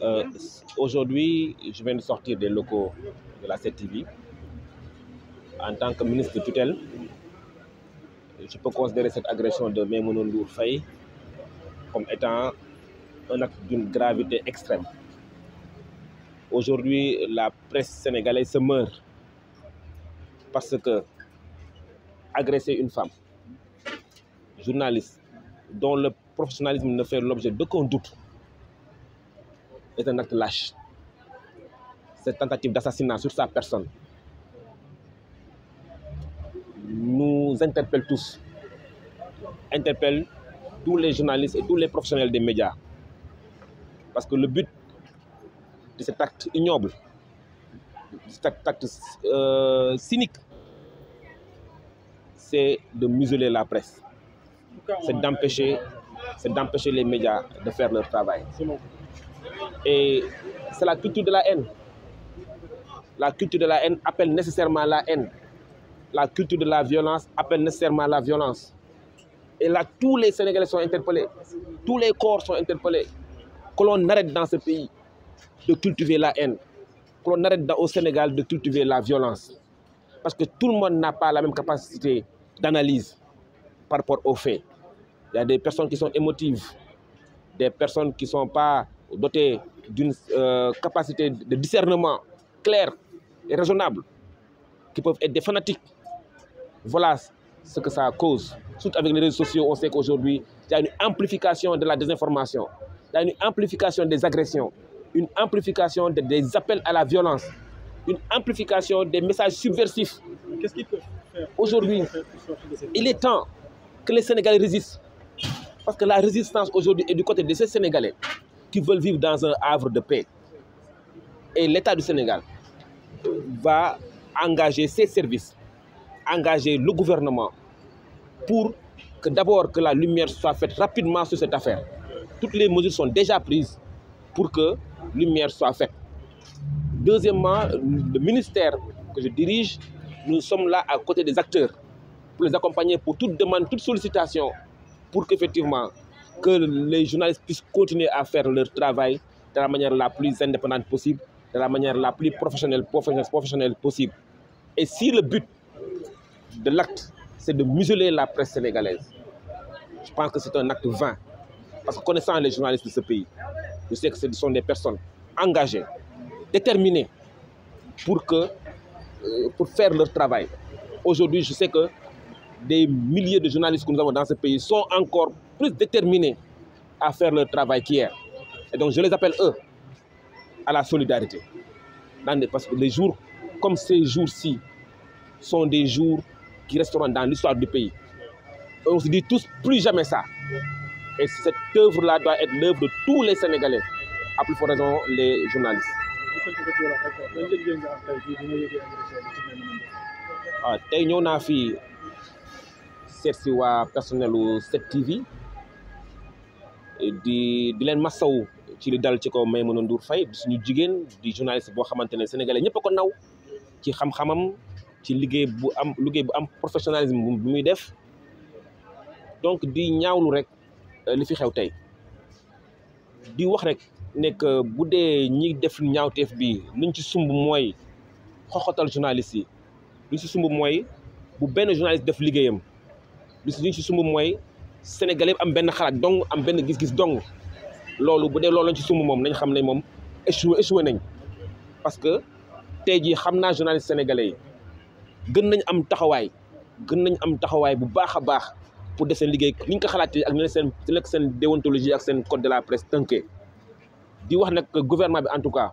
Euh, Aujourd'hui, je viens de sortir des locaux de la CTV. En tant que ministre de tutelle, je peux considérer cette agression de Maimoun Ndour Faye comme étant un acte d'une gravité extrême. Aujourd'hui, la presse sénégalaise se meurt parce que agresser une femme, journaliste, dont le professionnalisme ne fait l'objet d'aucun doute, est un acte lâche. Cette tentative d'assassinat sur sa personne nous interpelle tous, interpelle tous les journalistes et tous les professionnels des média Parce que le but de cet acte ignoble, de cet acte, acte euh, c'est de museler la presse, c'est d'empêcher, c'est d'empêcher les médias de faire leur travail. Et c'est la culture de la haine. La de la haine appelle nécessairement la haine. La culture de la violence appelle nécessairement la violence. Et là, tous les Sénégalais sont interpellés. Tous les corps sont interpellés. Que l'on arrête dans ce pays de cultiver la haine. Que l'on arrête au Sénégal de cultiver la violence. Parce que tout le monde n'a pas la même capacité d'analyse par rapport aux faits. Il a des personnes qui sont émotives, des personnes qui ne sont pas doté d'une euh, capacité de discernement claire et raisonnable, qui peuvent être des fanatiques. Voilà ce que ça cause. Surtout avec les réseaux sociaux, on sait qu'aujourd'hui, il y a une amplification de la désinformation, il y a une amplification des agressions, une amplification de, des appels à la violence, une amplification des messages subversifs. Qu'est-ce qu'il il est temps que les Sénégalais résistent. Parce que la résistance aujourd'hui est du côté de ces Sénégalais. qui veulent vivre dans un havre de paix. Et l'État du Sénégal va engager ses services, engager le gouvernement pour que d'abord que la lumière soit faite rapidement sur cette affaire. Toutes les mesures sont déjà prises pour que lumière soit faite. Deuxièmement, le ministère que je dirige, nous sommes là à côté des acteurs pour les accompagner pour toute demande, toute sollicitation, pour qu'effectivement que les journalistes puissent continuer à faire leur travail de la manière la plus indépendante possible, de la manière la plus professionnelle, professionnelle possible. Et si le but de l'acte, c'est de museler la presse sénégalaise, je pense que c'est un acte vain. Parce que connaissant les journalistes de ce pays, je sais que ce sont des personnes engagées, déterminées pour, que, euh, pour faire leur travail. Aujourd'hui, je sais que des milliers de journalistes que nous avons dans ce pays sont encore plus déterminés à faire leur travail qu'hier. Et donc je les appelle, eux, à la solidarité. Parce que les jours comme ces jours-ci sont des jours qui resteront dans l'histoire du pays. on se dit tous plus jamais ça. Et cette œuvre-là doit être l'œuvre de tous les Sénégalais, à plus forte raison les journalistes. Ah, seet si waa personnel u 7TV di di leen masaw ci li dal ci kaw Maimouna Ndour Faye di suñu jigéen di journaliste boo xamante ne sénégalais ñëpp a ko naw ci xam-xamam ci liggéey bu am liggéey bu am professionnalisme bu muy def donc di ñaawlu rek euh, li fi xew tey di wax rek nekk bu dee ñi def ñaawteef bi luñ ci sumb mooy xoxotal journaliste yi luñ ci sumb mooy bu benn journaliste def liggéeyam li ñu ci sumb mooy sénégalais am benn xalaat dong am benn gis-gis dong loolu bu dee loolu ci sumb moom nañ xam ne moom échoué échoué nañ parce que tey jii xam naa journaliste sénégalais yi gën nañ am taxawaay gën nañ am taxawaay bu baax a baax pour def seen liggéey ni ñu ko xalaatee ak ne seen nekk seen déontologie ak seen code de la presse tënkee di wax nag gouvernement bi en tout cas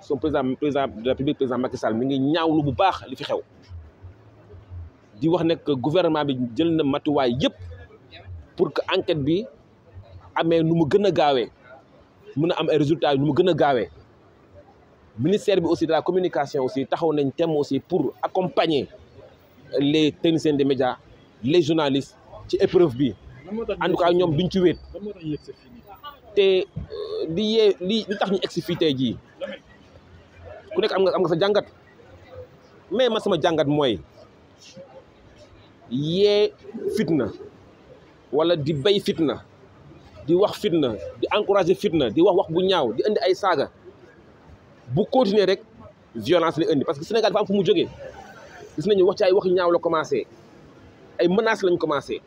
son président président de la République président Macky mi ngi ñaawlu bu baax li fi xew di wax ne que gouvernement bi jël na matuwaay yëpp pour que enquête bi amee nu mu gën a gaawee mun a am résultat bi nu mu gën a gaawee ministère bi aussi de la communication aussi taxaw nañ tem aussi pour accompagner les techniciens des média les journalistes ci épreuve bi en tout cas ñoom duñ ci wéet te euh, li yee li tax ñu egsi fii tey jii ku nekk am nga am nga sa jàngat mais man sama jàngat mooy yee fitna wala di bay fitna di wax fitna di encourager fitna di wax wax bu ñaaw di indi ay saaga bu continuer rek violence li indi parce que Sénégal dafa am fu mu jógee gis nañu wax ci ay wax ñaaw la commencé ay menaces lañ commencé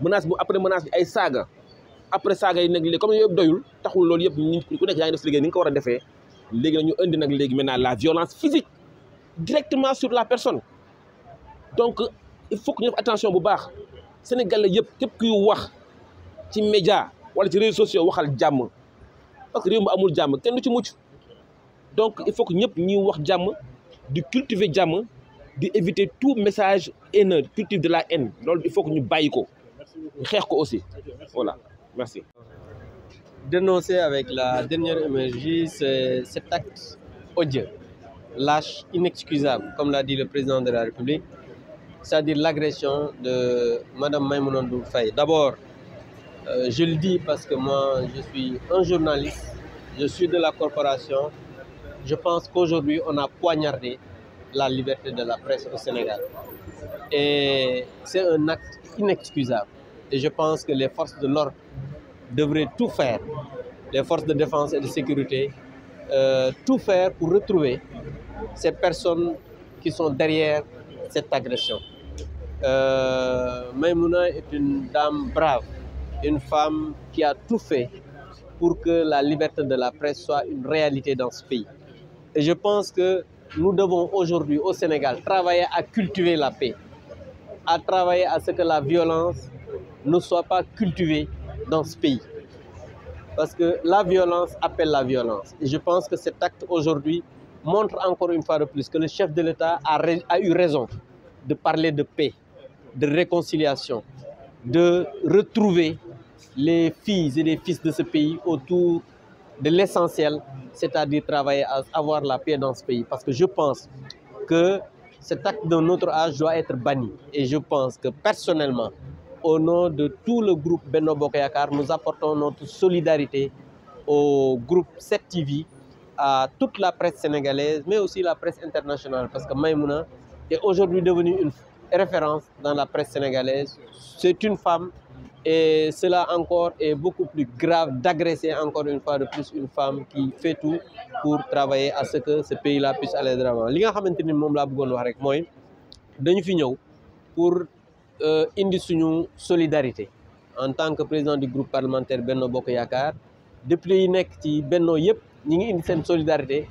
menace bu après menace bi ay saaga après saaga yi nag léegi comme yooyu doyul taxul loolu yëpp ñu ku nekk yaa ngi def ni nga ko war a defee léegi nag ñu indi nag léegi naa la violence physique directement sur la personne il faut que ñu def attention bu baax sénégalais yëpp képp kuy wax ci média wala ci réseaux sociaux waxal jàmm parce que réew mi amul jàmm kenn du ci mucc donc il faut que ñëpp ñuy wax jàmm di cultiver jàmm di éviter tout message haineux cultive de la haine loolu il faut que ñu bàyyi ko ñu xeex ko aussi voilà merci. dénoncer avec la dernière énergie cet acte odieux, lâche, inexcusable, comme l'a dit le président de la République, c'est-à-dire l'agression de Madame Maïmounandou Faye. D'abord, euh, je le dis parce que moi, je suis un journaliste, je suis de la corporation. Je pense qu'aujourd'hui, on a poignardé la liberté de la presse au Sénégal. Et c'est un acte inexcusable. Et je pense que les forces de l'ordre devraient tout faire, les forces de défense et de sécurité, euh, tout faire pour retrouver ces personnes qui sont derrière cette agression. Euh, Maïmouna est une dame brave, une femme qui a tout fait pour que la liberté de la presse soit une réalité dans ce pays. Et je pense que nous devons aujourd'hui au Sénégal travailler à cultiver la paix, à travailler à ce que la violence ne soit pas cultivée dans ce pays. Parce que la violence appelle la violence. Et je pense que cet acte aujourd'hui montre encore une fois de plus que le chef de l'État a, a eu raison de parler de paix. de réconciliation, de retrouver les filles et les fils de ce pays autour de l'essentiel, c'est-à-dire travailler à avoir la paix dans ce pays. Parce que je pense que cet acte de notre âge doit être banni. Et je pense que personnellement, au nom de tout le groupe Benno Bokayakar, nous apportons notre solidarité au groupe 7TV, à toute la presse sénégalaise, mais aussi la presse internationale, parce que Maïmouna est aujourd'hui devenue référence dans la presse sénégalaise. C'est une femme et cela encore et beaucoup plus grave d'agresser encore une fois de plus une femme qui fait tout pour travailler à ce que ce pays-là puisse aller de l'avant. li nga xamante ni moom laa bëggoon wax rek mooy dañu fi ñëw pour euh, indi suñu solidarité en tant que président du groupe parlementaire Benno Bokk Yaakaar député yi nekk ci Benno yëpp ñi ngi indi seen solidarité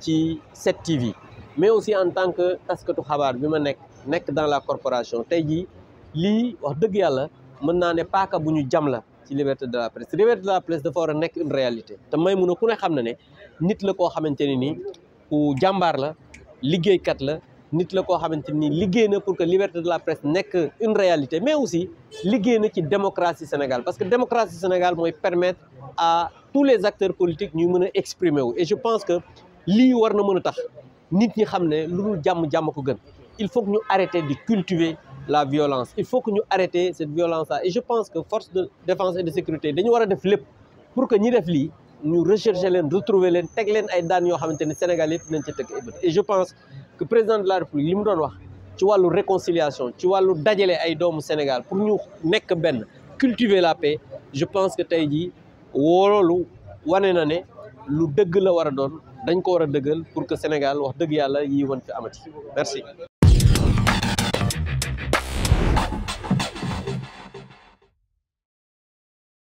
ci 7TV mais aussi en tant que taskatu xabaar bi ma nekk. nekk dans la corporation tey jii lii wax dëgg yàlla mën naa ne paaka bu ñu jam la ci liberté de la presse liberté de la presse dafa war a nekk une réalité te Maimouna ku ne xam na ne nit la koo xamante ne nii ku jàmbaar la liggéeykat la nit la koo xamante ni liggéey na pour que liberté de la presse nekk une réalité mais aussi liggéey na ci démocratie Sénégal parce que démocratie Sénégal mooy permettre à tous les acteurs politiques ñuy mën a exprimer wu et je pense que lii war na mën a tax nit ñi xam ne lu dul jàmm jàmm gën il faut que ñu arrêter de cultiver la violence il faut que ñu arrêter cette violence là et je pense que force de défense et de sécurité dañu war a def lépp pour que ñi def lii ñu rechercher leen retrouver leen teg leen ay daan yoo xamante ne Sénégal yëpp dinañ ci teg et je pense que président de la République li mu doon wax ci wàllu réconciliation ci wàllu dajale ay doomu Sénégal pour ñu nekk benn cultiver la paix je pense que tey jii wooloolu wane na ne lu dëgg la war a doon dañ ko war a dëggal pour que Sénégal wax dëgg yàlla yi fi amati